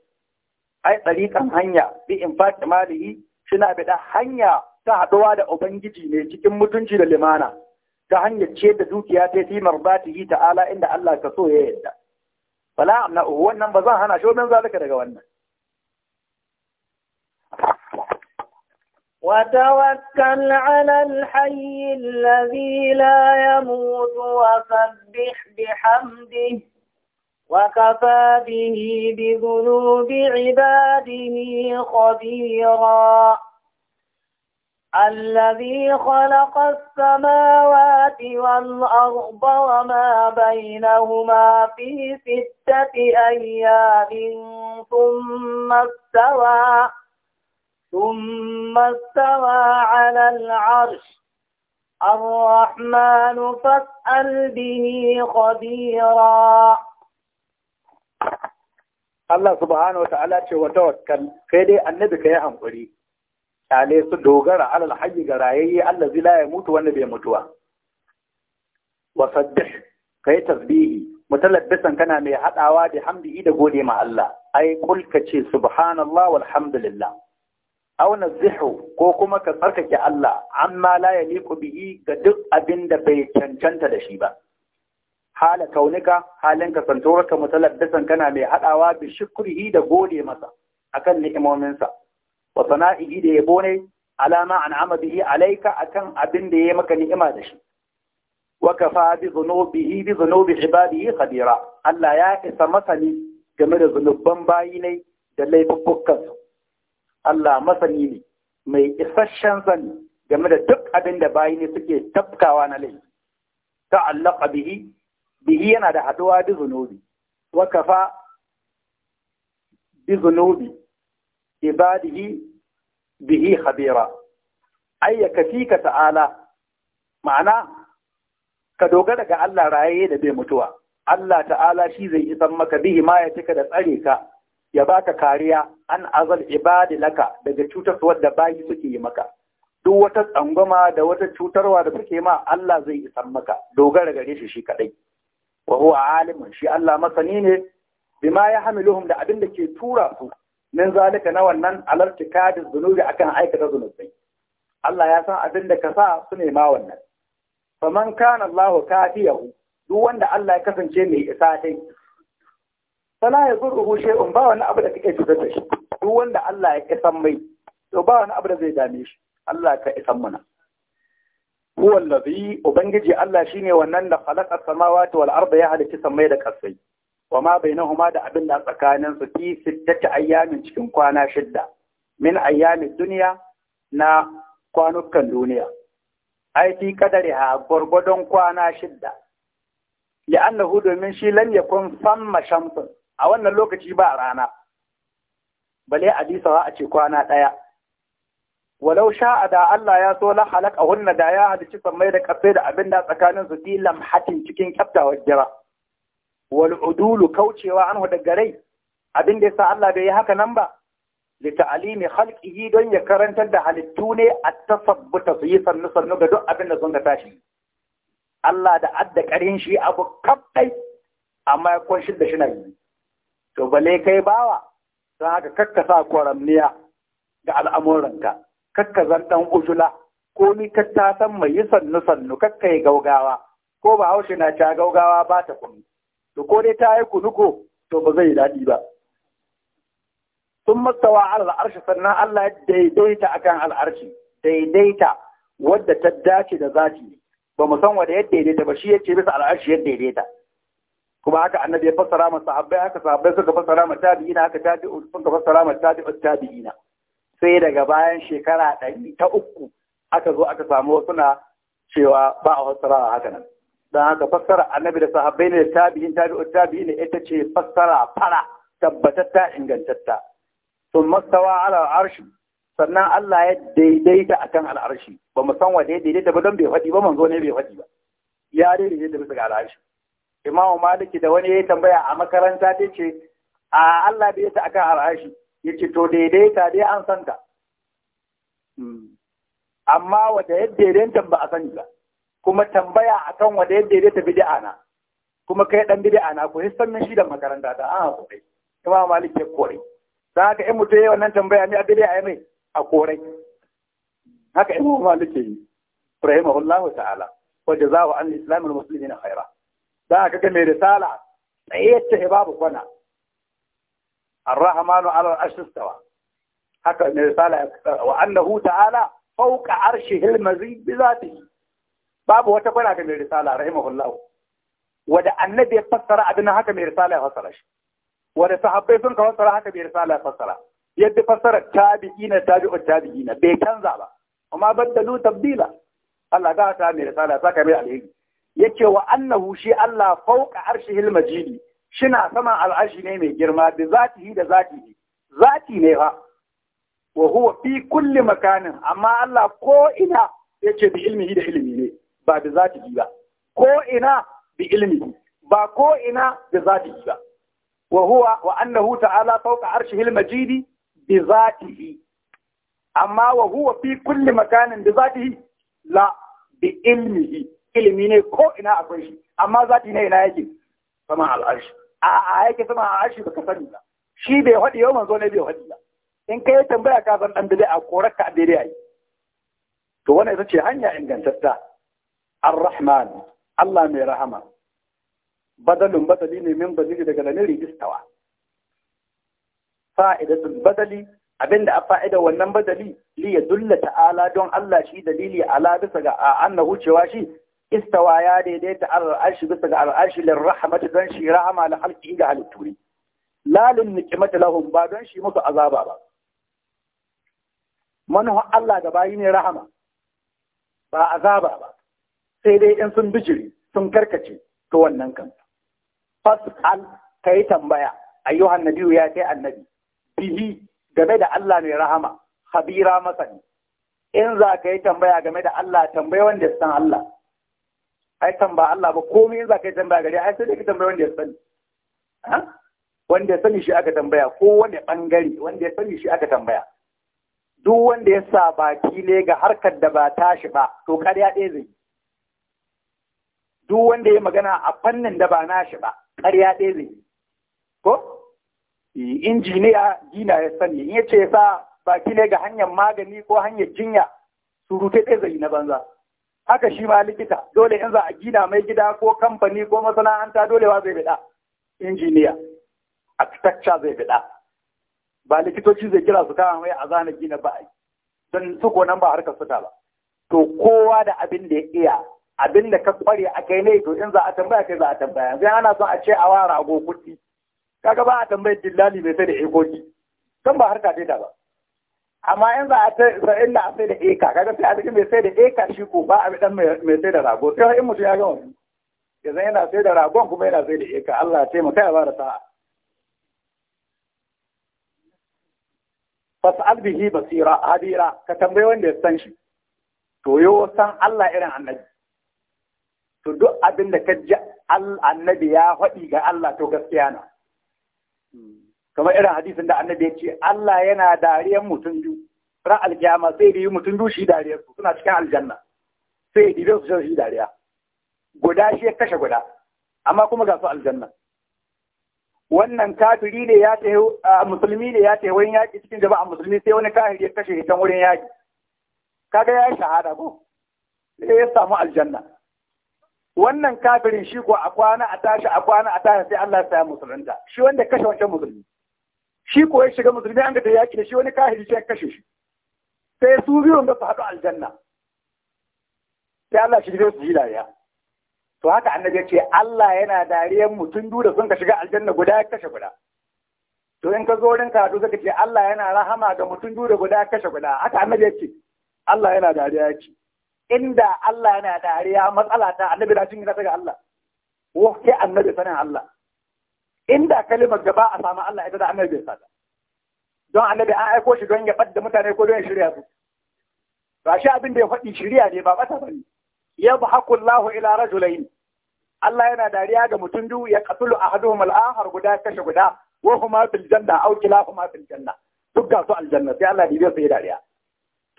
ai tsarikan hanya bi in faɗi malihi suna da hanya ta haɗuwa da Ubangiji ne cikin mutunci da limana ta hanyar ce da dukiya ta fi marbatihi ta'ala inda Allah ka so ya yadda. Bala amna wannan ba zan hana shi zalika daga wannan. وتوكل على الحي الذي لا يموت وسبح بحمده وكفى به بذنوب عباده خبيرا الذي خلق السماوات والأرض وما بينهما في ستة أيام ثم استوى ثم استوى على العرش الرحمن فاسأل به خبيرا الله سبحانه وتعالى ce wa tawakkal kai dai kyale su dogara alal hayyi ga rayayye allazi la ya mutu wanda bai mutuwa wa sabbih kai tasbihi mutalabbisan kana mai hadawa da hamdihi da gode ma Allah ai kul ka ce subhanallah walhamdulillah aw nazihu ko kuma ka tsarkake Allah amma la liku bihi ga duk abin da bai cancanta da shi ba hala kaunika halin ka santorka mutalabbisan kana mai hadawa bi shukrihi da gode masa akan ni'imominsa wa sana'ihi da yabo ne alama an'ama bihi alayka akan abin da yayi maka ni'ima da shi wa kafa bi dhunubihi bi dhunubi ibadihi khabira Allah ya isa masani game da da Allah masani ne mai isasshen sani game da duk abin da bayi ne suke tafkawa na laifi ta'allaqa bihi bihi yana da haduwa bi zunubi wa kafa bi zunubi ibadihi bihi khabira ai ya ta'ala ma'ana ka dogara ga Allah raye da bai mutuwa Allah ta'ala shi zai isan maka bihi ma ya cika da tsare ka ya baka kariya an azal ibadi laka daga su wadda bayi suke yi maka duk wata tsangwama da wata cutarwa da suke ma Allah zai isan maka dogara gare shi shi kadai wa huwa alimun shi Allah masani ne bima ya hamiluhum da abin da ke tura su min zalika na wannan alartika da zunubi akan aikata zunubai Allah ya san abin da ka sa su nema wannan faman kana Allahu kafiyahu duk wanda Allah ya kasance mai isa dai fala ya zurruhu shay'un ba wani abu da kake cutar da shi duk wanda Allah ya kisan mai to ba wani abu da zai dame shi Allah ka isan muna huwa allazi ubangiji Allah shine wannan da khalaqa samawati wal arda ya halitta samai da kasai wa ma bainahuma da abin da tsakanin su fi sittati ayyamin cikin kwana shidda min ayyamin duniya na kwanukan duniya ai fi kadariha gwargwadon kwana shidda annahu domin shi lam yakun samma shamsun a wannan lokaci ba rana bale hadisawa a ce kwana ɗaya walau sha da Allah ya so la halaka hunna da ya halici sammai da kafe da abin da tsakanin su fi lamhatin cikin kyaftawar jira wal udulu kaucewa anhu da garai? abin da yasa Allah bai yi haka nan ba li ta'alimi khalqihi don ya karantar da halittu ne a tasabbuta su yi sannu sannu ga duk abin da sun tashi Allah da adda karin shi abu kaɗai amma ya kwanshi da shi na yi to bale kai bawa don haka kakkasa kwaramniya ga al'amuranka kakka zan ujula ko ni ka mai yi sannu sannu kakkai yi gaugawa ko ba haushe na ta gaugawa ba ta kuma. to ko dai ta yi kunuko to ba zai daɗi ba sun mastawa al'arshi sannan Allah ya daidaita kan al'arshi daidaita wadda ta dace da zati ba mu san wadda ya daidaita ba shi ya ce bisa al'arshi ya daidaita kuma haka annabi ya fassara ma sahabbai haka sahabbai suka fassara ma tabi'ina haka tabi'u suka fassara ma tabi'u tabi'ina sai daga bayan shekara ɗari ta uku aka zo aka samu wasu na cewa ba a fassara haka nan don haka fassara annabi da sahabbai ne da tabi'in tabi'u tabi'in ita ce fassara fara tabbatatta ingantatta sun mastawa ala arshi sannan Allah ya daidaita akan al'arshi ba mu san ya daidaita ba don bai faɗi ba manzo ne bai faɗi ba ya daidaita bisa ga al'arshi imamu maliki da wani ya tambaya a makaranta ta ce a Allah bai ta akan al'arshi ya ce to daidaita dai an san ta hmm. amma wata yadda daidaita ba a sani ba kuma tambaya a kan wanda yadda ya tafi bid'a na kuma kai dan bid'a na ko hissan min shi da makaranta ta a ah, ko kai kuma malik ya kore za ka in mutum yi wannan tambaya ne a bid'a ya mai a kore haka imam malik yi rahimahullahu ta'ala wa jazahu an islam al muslimin khaira dan ka ga mai risala tsayatta babu kwana الرحمن على العرش استوى haka mai risala wa annahu ta'ala fawqa arshihil mazid bi zatihi babu wata fara ga mai risala rahimahullahu wanda annabi ya fassara abin haka mai risala ya fassara shi wanda sahabbai sun ka fassara haka mai risala ya fassara yadda fassara tabi'ina tabi'u tabi'ina bai canza ba amma baddalu tabdila Allah ga ta mai risala saka mai alheri yace wa annahu shi Allah fawqa arshihil majidi shina sama al'ashi ne mai girma da zatihi da zatihi zati ne fa wa huwa fi kulli makanin amma Allah ko ina yace bi ilmihi da ilmi ba da zatihi ba ko ina bi ilmi ba ko ina da zatihi ba wa huwa wa annahu ta'ala fawqa arshihil majidi bi zatihi amma wa huwa fi kulli makanin bi zatihi la bi ilmihi ilmi ne ko ina akwai shi amma zati ne ina yake sama al'arshi a a yake sama al'arshi baka sani ba shi bai hadi yau manzo ne bai hadi ba in ka yi tambaya ka san dan a korar ka daidai ai to wannan ita ce hanya ingantatta. الرحمن rahman Allah mai rahama badalun badali ne min badali daga lanin rijistawa fa'idatul badali abinda a fa'ida wannan badali li ya dulla ta'ala don Allah shi dalili ala bisa ga annahu cewa shi istawa ya daidaita al'arshi bisa ga al'arshi lir rahmat don shi rahama la halqi ga halitturi lalun nikmata lahum ba don shi musu azaba ba manhu Allah ga bayi ne rahama ba azaba ba sai dai in sun bijiri sun karkace to wannan kan fas'al yi tambaya ayyu nabiyyu ya kai annabi bihi game da Allah mai rahama habira masani in za ka yi tambaya game da Allah tambayi wanda ya san Allah ai tamba Allah ba komai in za ka yi tambaya gare ai sai dai ka tambayi wanda ya sani wanda ya sani shi aka tambaya ko wani bangare wanda ya sani shi aka tambaya duk wanda ya sa baki ne ga harkar da ba tashi ba to kariya ɗaya zai yi duk wanda ya magana a fannin da ba nashi ba ƙarya ɗaya zai ko injiniya gina ya sani in yace ya sa baki ne ga hanyar magani ko hanyar jinya surute ɗaya zai na banza haka shi ma likita dole in za a gina mai gida ko kamfani ko masana'anta dole wa zai bida injiniya architecture zai bida ba likitoci zai kira su kama mai a zana gina ba don su nan ba harkar suka ba to kowa da abin da ya iya abin da ka kware a kai ne to in za a tambaya kai za a tambaya yanzu ana son a ce a wa rago kuɗi kaga ba a tambayar dillali mai sai da ekoki kan ba harka ta ba amma in za a ta sai da a sai da eka kaga sai a cikin mai sai da eka shi ko ba a bi dan mai sai da rago sai in mutum ya ga wani yanzu yana sai da ragon kuma yana sai da eka Allah ya taimaka ya ba da sa'a fas'al bihi basira hadira ka tambayi wanda ya san shi to yo san Allah irin annabi to duk abin da ka ji annabi ya faɗi ga Allah to gaskiya na kamar irin hadisin da annabi ya ce Allah yana dariyar mutum biyu ran alkiyama sai da yi mutum biyu shi dariyar su suna cikin aljanna sai da yi su shi dariya guda shi ya kashe guda amma kuma ga su aljanna wannan kafiri ne ya tahi musulmi ne ya tahi wurin yaƙi cikin jama'a musulmi sai wani kafiri ya kashe hitan wurin yaƙi kaga ya yi shahada ko sai ya samu aljanna wannan kafirin shi ko a kwana a tashi a kwana a tashi sai Allah ya saya musulunta shi wanda kashe wancan musulmi shi ko ya shiga musulmi an ga da yaki shi wani kafiri sai kashe shi sai su biyu da su haɗu aljanna sai Allah shi zai su yi dariya to haka annabi ya ce Allah yana dariyan mutum dura da sun ka shiga aljanna guda ya kashe guda to in ka zo wurin karatu zaka ce Allah yana rahama ga mutum dura da guda ya kashe guda haka annabi ya ce Allah yana dariya ya ce inda Allah yana dariya matsala ta annabi da jingina ta ga Allah wake annabi sanin Allah inda kalimar gaba a samu Allah ita da annabi bai sata don annabi an aiko shi don ya ɓadda mutane ko don ya shirya su ba shi abin da ya faɗi shirya ne ba ɓata bane ya bu hakullahu ila rajulaini Allah yana dariya ga mutum biyu ya qatulu ahaduhum al-akhar guda kashe guda wa huma fil janna aw kilahuma fil janna duk ga su aljanna sai Allah ya biya su dariya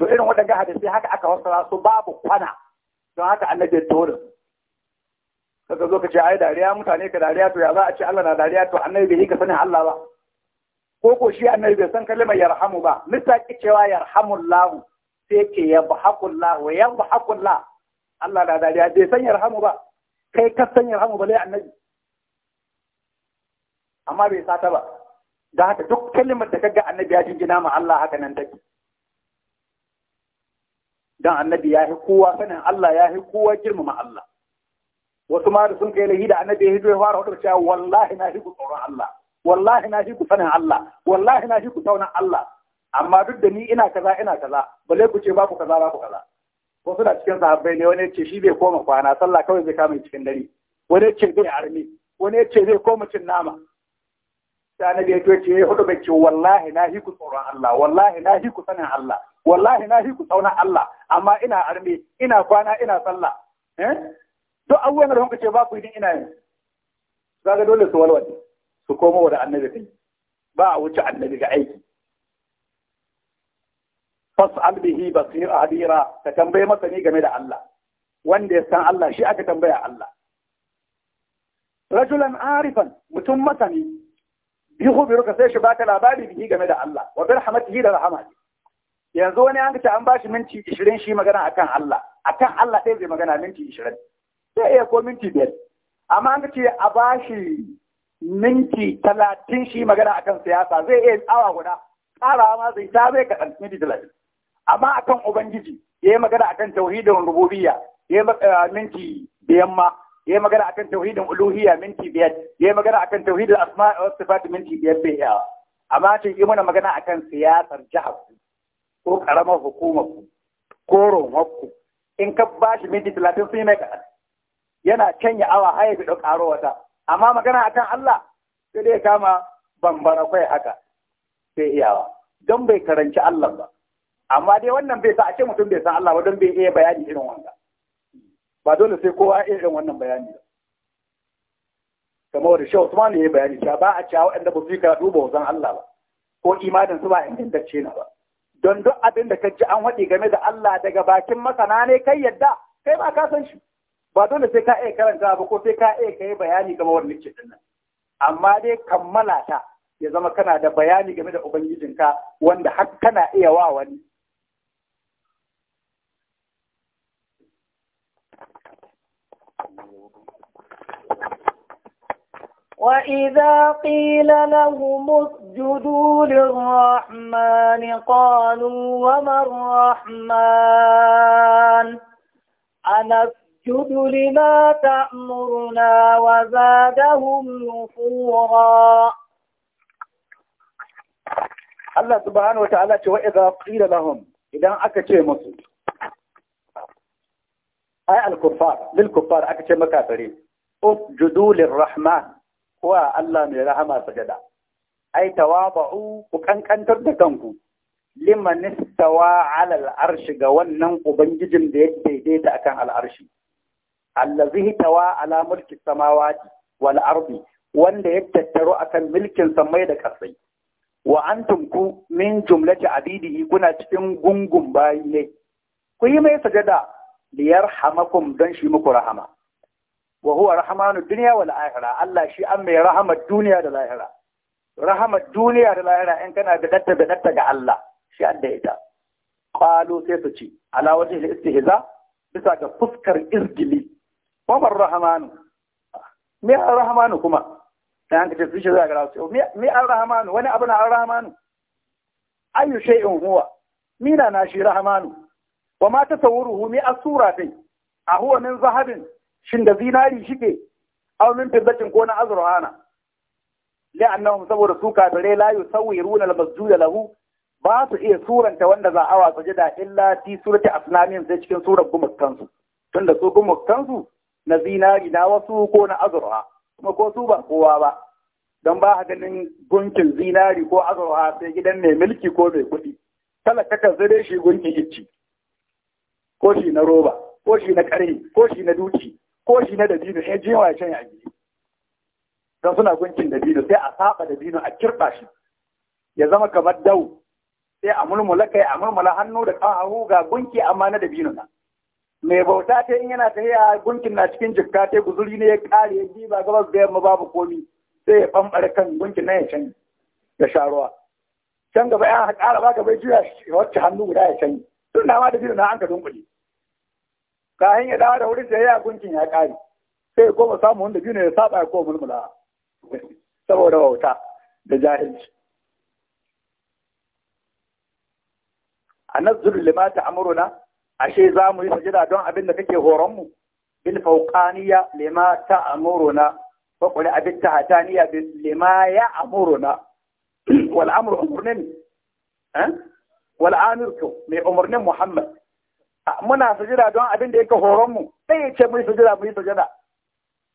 to irin waɗanda sai haka aka fassara su babu kwana don haka annabi ya tori kaga zo ka ce ai dariya mutane ka dariya to ya za a ce Allah na dariya to annabi bai ka sanin Allah ba ko ko shi annabi bai san kalmar yarhamu ba misaki cewa yarhamullahu sai ke yabhaqullah wa yabhaqullah Allah na dariya bai san yarhamu ba kai ka san yarhamu ba lai annabi amma bai sata ba da haka duk kalmar da kaga annabi ya jingina ma Allah haka nan take dan annabi ya yi kowa sanin Allah ya yi kowa girmama Allah wasu ma da sun kai lahi da annabi ya hito ya fara hudu cewa wallahi na ku tsoron Allah wallahi na ku sanin Allah wallahi na ku taunan Allah amma duk da ni ina kaza ina kaza balle ku ce ba ku kaza ba ku kaza wasu suna cikin sahabbai ne wani ce shi bai koma kwana sallah kawai zai kama cikin dare wani ce zai armi wani ce zai koma cin nama sai annabi ya ce ya eh, hudu bai ce wallahi na ku tsoron Allah wallahi na ku sanin Allah wallahi na ku tsauna Allah amma ina arme ina kwana ina sallah eh to abubuwan da kuka ce ba ku idan ina yin zaga dole su walwale su komo da annabi kai ba a wuce annabi ga aiki fas'al bihi basir hadira ka tambaye masa ni game da Allah wanda ya san Allah shi aka tambaya Allah rajulan arifan mutum masani bi khubiruka sai shi baka labari bihi game da Allah wa bi rahmatihi da rahmatihi yanzu wani an ta an bashi minti ishirin shi magana akan Allah akan Allah ɗaya zai magana minti ishirin sai iya ko minti biyar amma an ce a bashi minti talatin shi magana akan siyasa zai iya awa guda ƙarawa ma zai ta zai kaɗan minti talatin. amma akan ubangiji ya yi magana akan tauhidin rububiyya ya yi eh, minti biyan ma ya yi magana akan tauhidin uluhiyya minti biyar ya yi magana akan tauhidin asma'a wasu sifati minti biyar bai yawa amma ce yi mana magana akan siyasar jihar ko karamar hukumar ku ko rohon ku in ka ba shi minti talatin sun yi mai kaɗan yana can ya awa haye fi ƙaro wata amma magana akan Allah sai dai kama bambara kai haka sai iyawa don bai karanci Allah ba amma dai wannan bai sa a ce mutum bai san Allah ba don bai iya bayani irin wanda ba dole sai kowa irin wannan bayani ba kamar da Shehu Usman ya yi bayani cewa ba a cewa waɗanda ba su yi karatu ba san Allah ba ko imanin su ba ingantacce na ba don duk abin da ka ji an waɗi game da Allah daga bakin masana ne kai yadda kai ba ka san shi ba dole sai ka iya karanta ba ko sai ka iya kai bayani game wannan ce nan amma dai kammala ta ya zama kana da bayani game da ubangijinka wanda har kana iya wa wani وإذا قيل لهم اسجدوا للرحمن قالوا وما الرحمن أنسجد لما تأمرنا وزادهم نفورا الله سبحانه وتعالى وإذا قيل لهم إذا أكتشي مسجد أي الكفار للكفار أكتشي مكافرين اسجدوا للرحمن wa Allah mai rahama sajada ai tawaba'u ku kankantar da kanku limanistawa alal arshi ga wannan ubangijin da ya daidaita akan al'arshi Allah zai tawa ala mulki samawati wal arbi wanda ya tattaro akan milkin samai da kasai wa an tunku min jumlati abidihi kuna cikin gungun bayi ne ku yi mai sajada liyarhamakum don shi muku rahama wa huwa rahmanu dunya wal akhirah Allah shi an mai rahamar duniya da lahira rahamar duniya da lahira in kana da datta da datta ga Allah shi an da ita sai su ci ala wajhi al istihza bisa ga fuskar izgili wa mar rahmanu me ar rahmanu kuma dan ka ce su shi za ga rasu me ar rahmanu wani abu na huwa mina na shi rahmanu wa ma tasawuruhu a huwa min zahabin shin da zinari shike ke, min fiddatin ko na Le la'annahum saboda su dare la yusawiruna al-masjuda lahu ba su iya suranta wanda za a wasa jida illa ti surati asnamin sai cikin surar gumukansu tunda su gumukansu na zinari na wasu ko na azurha kuma ko su ba kowa ba don ba ha ganin gunkin zinari ko azurha sai gidan mai milki ko mai kuɗi talaka kan zare shi gunkin icci ko shi na roba ko shi na kare ko shi na duki koshi na dabino ya eh, jewa ya canya a gidi don suna gunkin dabino sai a saba dabino a kirɓa shi ya zama kamar dau sai a mulmula kai a mulmula hannu da ƙahahu ga gunki amma na dabino na mai bauta ta in yana tafiya gunkin na cikin jikka ta guzuri ne ya ƙare ya diba gaba ga yamma babu komi sai ya ɓamɓare kan gunkin na ya canya da sharuwa can gaba ya ƙara ba gaba ya juya wacce hannu guda ya canya tun da ma dabino na an ka dunkule kayan ya da da wurin sai ya gunkin ya kare sai ya koma samu wanda biyu ne ya saba ya koma mulmula saboda wauta da jahilci a nazzuru limata murona, ashe za mu yi jira don abin da kake horonmu bil fauqaniya lima ta amuruna fa qul abit tahtaniya bil limaya ya amuruna wal amru umurnin eh? wal amru mai umurnin muhammad muna sujada don abin da yake horon mu sai ya ce mun yi sujada mun yi sujada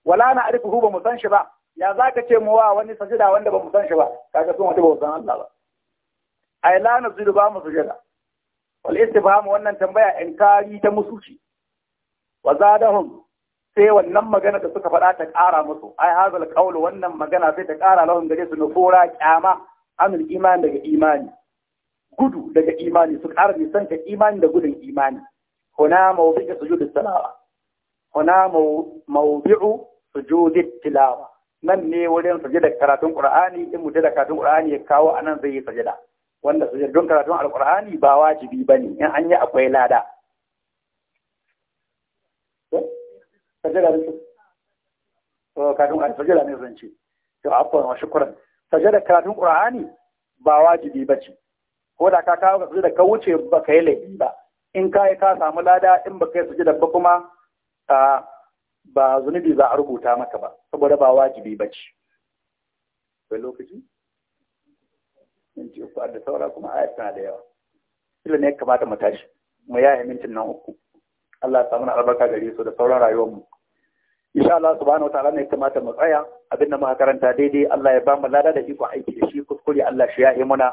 wala na arifu ba mu san shi ba ya za ka ce mu wa wani sujada wanda ba mu san shi ba kaga sun wata ba mu san Allah ba ai la na zuru ba mu sujada wal istifham wannan tambaya kari ta musuci wa zadahum sai wannan magana da suka faɗa ta ƙara musu ai hazal qaul wannan magana sai ta ƙara lahum gare su nufura kyama amul iman daga imani gudu daga imani su ƙara nisan ka imani da gudun imani هنا موضع سجود التلاوة هنا nan ne wurin sujada karatun Qur'ani in mutum da karatun Qur'ani ya kawo anan zai yi sujada wanda sujadun karatun Al-Qur'ani ba wajibi bane in an yi akwai lada sajada ne to karatun Qur'ani sajada ne zan ce to afwan wa shukran sajada karatun Qur'ani ba wajibi bace ko da ka kawo ka da ka wuce baka yi laifi ba in ka yi ka samu lada in ba kai sujada ba kuma ba zunubi za a rubuta maka ba saboda ba wajibi ba ce bai lokaci minti uku da saura kuma ayat tana da yawa Sila ne ya kamata mu tashi mu yaya mintin nan uku Allah ya samu na albarka gare su da sauran rayuwar mu insha Allah subhanahu wataala ne kamata mu tsaya abinda muka karanta daidai Allah ya ba mu lada da iko aiki da shi kuskure Allah shi ya yi muna